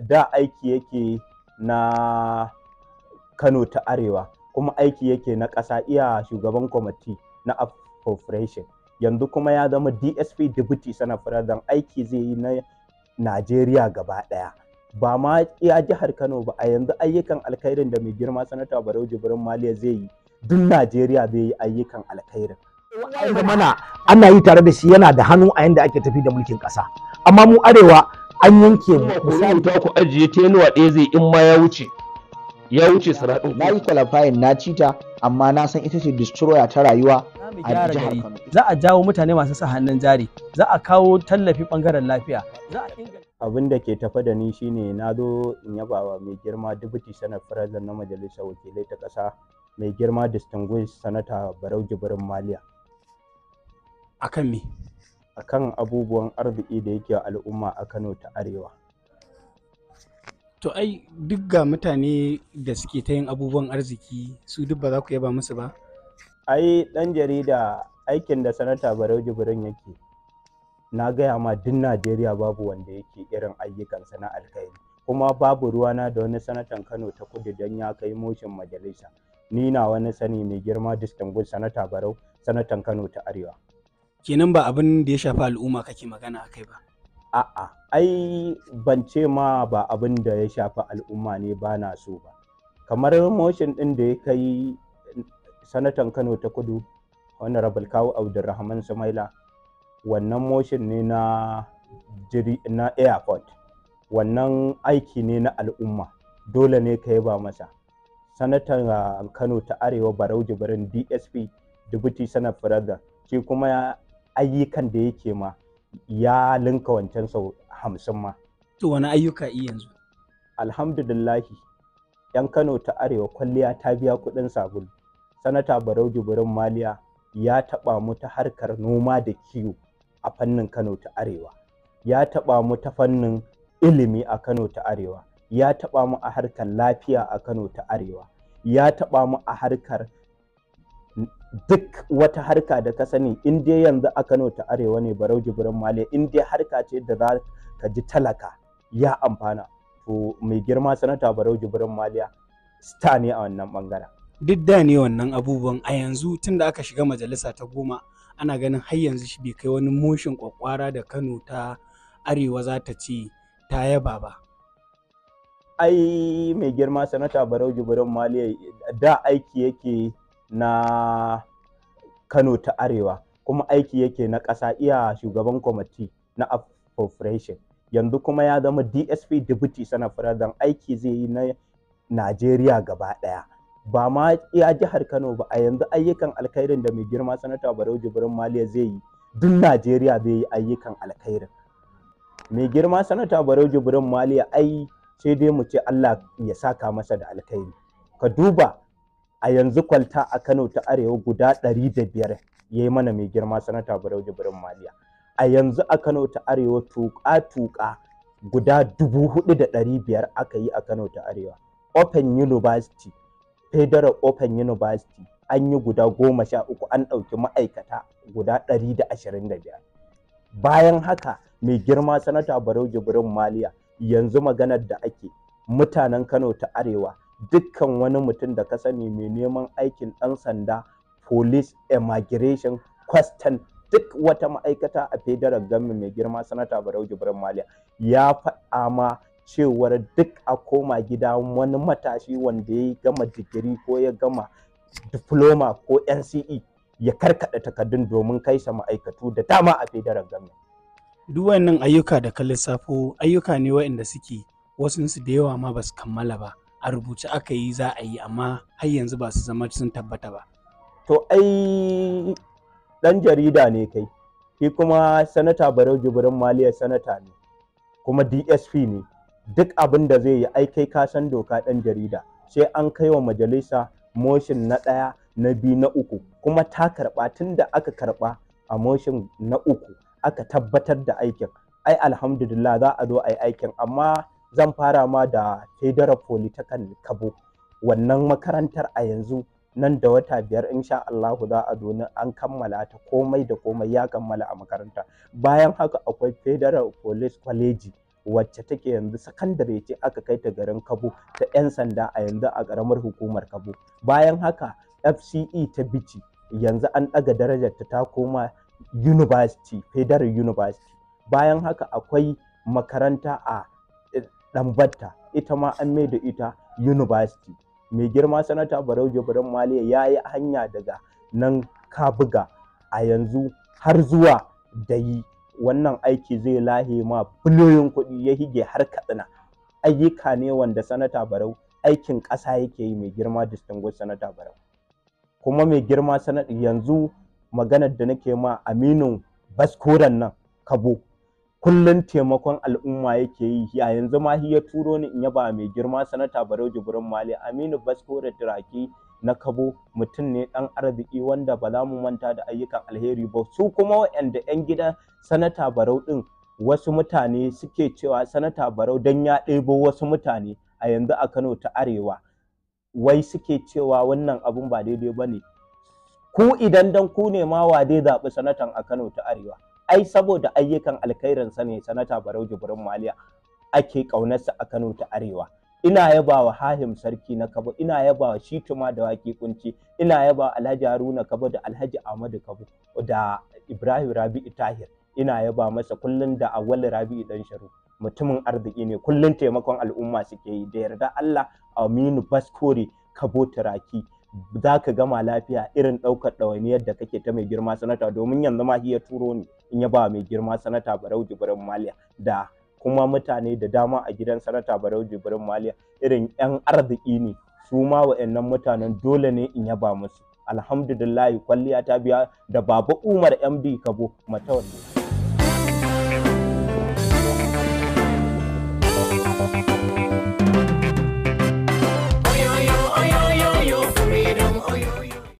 da aiki yake na Kano ta Arewa kuma aiki yake na ƙasa iya shugaban kwamiti na appropriation yanzu kuma ya zama DSP deputy sana farazan aiki zai yi na Najeriya gaba ɗaya ba ma iya jihar Kano ba a yanzu ayyukan alkhairin da mai girma sanata Barau Jibrin Maliya zai yi duk Najeriya zai yi ayyukan alkhairin mana ana yi tare da shi yana da hannu a yanda ake tafi da mulkin ƙasa amma mu arewa an yanke mu misali ta ku ajiye teluwa ɗaya zai in ma ya wuce ya wuce sarado na yi qualifying na cita amma na san ita ce destroyer ta rayuwa a jihar Kano za a jawo mutane masu sa hannun jari za a kawo tallafi bangaren lafiya za a abin da ke tafa da ni shine na zo in yaba wa mai girma deputy sanar firazan na majalisar wakilai ta ƙasa mai girma distinguished sanata barau jibrin maliya akan me akan abubuwan arziki da yake al'umma a Kano ta Arewa. To ai duk ga mutane da suke ta yin abubuwan arziki su duk ba za ku yaba musu ba? Ai ɗan jarida aikin da sanata Barau Jibrin yake na gaya ma duk Najeriya babu wanda yake irin ayyukansa na alkhairi kuma babu ruwana da wani sanatan Kano ta kudu don ya kai moshin majalisa. Ni na wani sani mai girma distinguished sanata Barau sanatan Kano ta Arewa. kenan ba abin da ya shafi al'umma kake magana a kai ba a'a ai ban ce ma ba abin da ya shafi al'umma ne ba na so ba kamar motion ɗin da ya kai sanatan kano ta kudu honorable kawu abdulrahman samaila wannan motion ne na jiri na airport wannan aiki ne na al'umma dole ne ka ba masa sanatan ah, kano ta arewa barauji barin dsp dubuti sanar firada shi kuma ayyukan da yake ma ya linka wancan sau hamsin ma. To wani ayyuka iya yanzu? Alhamdulillahi, ‘yan Kano ta Arewa kwalliya ta biya kuɗin sabulu. Sanata Barau Jibirin Maliya ya taɓa mu ta harkar noma da kiwo a fannin Kano ta Arewa. Ya taɓa mu ta fannin ilimi a Kano ta Arewa. Ya taɓa mu a harkar lafiya a Kano ta Arewa. Ya taɓa mu a harkar duk wata harka da ka sani in dai yanzu a Kano ta Arewa ne Barau Jibrin Male in dai harka ce da za ka ji talaka ya amfana to mai girma sanata Barau Jibrin Maliya star ne a wannan bangaren duk da ne wannan abubuwan a yanzu tun da aka shiga majalisa ta goma ana ganin har yanzu shi bai kai wani Moshin kwakwara da Kano ta Arewa za ta ci ta yaba ba ai mai girma sanata Barau Jibrin Maliya da aiki yake na Kano ta Arewa kuma aiki yake na ƙasa iya shugaban kwamiti na appropriation yanzu kuma ya zama DSP Deputy Sana Faradan aiki zai yi na Najeriya gaba ɗaya ba ma iya jihar Kano ba a yanzu ayyukan alkhairin da mai girma sanata Barau Jibrin Maliya zai yi duk Najeriya zai yi ayyukan alkhairin mai girma sanata Barau Jibrin Maliya ai sai dai mu ce Allah ya saka masa da alkhairi ka duba a yanzu kwalta a Kano ta Arewa guda ɗari da biyar ya yi mana mai girma sanata barauje, birin Maliya. A yanzu a Kano ta Arewa tuƙa-tuƙa guda dubu hudu ɗari biyar aka yi a Kano ta Arewa. Open University, Federal Open University an yi guda goma sha uku an ɗauki ma'aikata guda ɗari da ashirin da biyar. Bayan haka mai girma sanata barauje, birin Maliya yanzu maganar da ake mutanen Kano ta Arewa dukkan wani mutum da ka sani mai neman aikin ɗan sanda police immigration question duk wata ma'aikata a federal government mai girma sanata barau jibrin maliya ya faɗa ma cewar duk a koma gida wani matashi wanda ya gama digiri ko ya gama diploma ko nce ya karkada takardun domin kai sa ma'aikatu da dama a federal government duk wannan ayyuka da ka lissafo ayyuka ne waɗanda suke wasu da yawa ma ba su kammala ba a rubuce aka yi za a yi amma har yanzu ba su zama sun tabbata ba to ai ɗan jarida ne kai shi kuma sanata barau jibrin maliyar sanata ne kuma dsp ne duk abin da zai yi ai kai ka doka ɗan jarida sai an kai wa majalisa motion na ɗaya na biyu na uku kuma ta karɓa tun da aka karɓa a motion na uku aka tabbatar da aikin ai alhamdulillah za a zo a yi aikin amma zan fara ma da Federal Polytechnic Kabo wannan makarantar a yanzu nan da wata biyar insha Allahu za a doni an kammala ta komai da komai ya kammala a makaranta bayan haka akwai Federal Police College wacce take yanzu sakandare ce aka kai ta garin Kabo ta 'yan sanda a yanzu a karamar hukumar Kabo bayan haka FCE ta bici yanzu an ɗaga darajar ta ta koma University Federal University bayan haka akwai makaranta a batta ita ma an mai da ita university mai girma sanata barau jibrin maliya ya yi hanya daga nan kabuga a yanzu har zuwa da yi wannan aiki zai lahe ma biliyoyin kuɗi ya hige har katsina ayyuka ne wanda sanata barau aikin ƙasa yake yi mai girma distinguished sanata barau kuma mai girma sanata yanzu maganar da nake ma Aminu baskoran nan kabo kullun taimakon al'umma yake yi a yanzu ma ya turo ni in yaba mai girma sanata barau jibrin mali aminu basko da turaki na kabo mutum ne dan arziki wanda ba za mu manta da ayyukan alheri ba su kuma waɗanda 'yan gidan sanata barau ɗin wasu mutane suke cewa sanata barau don ya ɗebo wasu mutane a yanzu a kano ta arewa wai suke cewa wannan abun ba daidai ba ne ku idan dan ku ne ma wa dai zaɓi sanatan a kano ta arewa ai saboda ayyukan alkhairin sa ne sanata barau jibrin maliya ake kaunarsa a kano ta arewa ina yabawa hahim sarki na kabo ina yabawa shituma da waki kunci ina yabawa alhaji haruna kabo da alhaji ahmadu kabo da ibrahim rabi'u tahir ina yaba masa kullun da awwal rabi'u dan sharu mutumin arziki ne kullun taimakon al'umma suke yi da yarda allah aminu baskore kabo turaki za ka gama lafiya irin ɗaukar ɗawainiyar da kake ta mai girma sanata domin yanzu ma ya turo ni in yaba ba mai girma sanata barau jibrin maliya da kuma mutane da dama a gidan sanata barau jibrin maliya irin yan arziki ne su ma wa'annan mutanen dole ne in yaba musu alhamdulillahi kwalliya ta biya da baba umar md kabo matawalli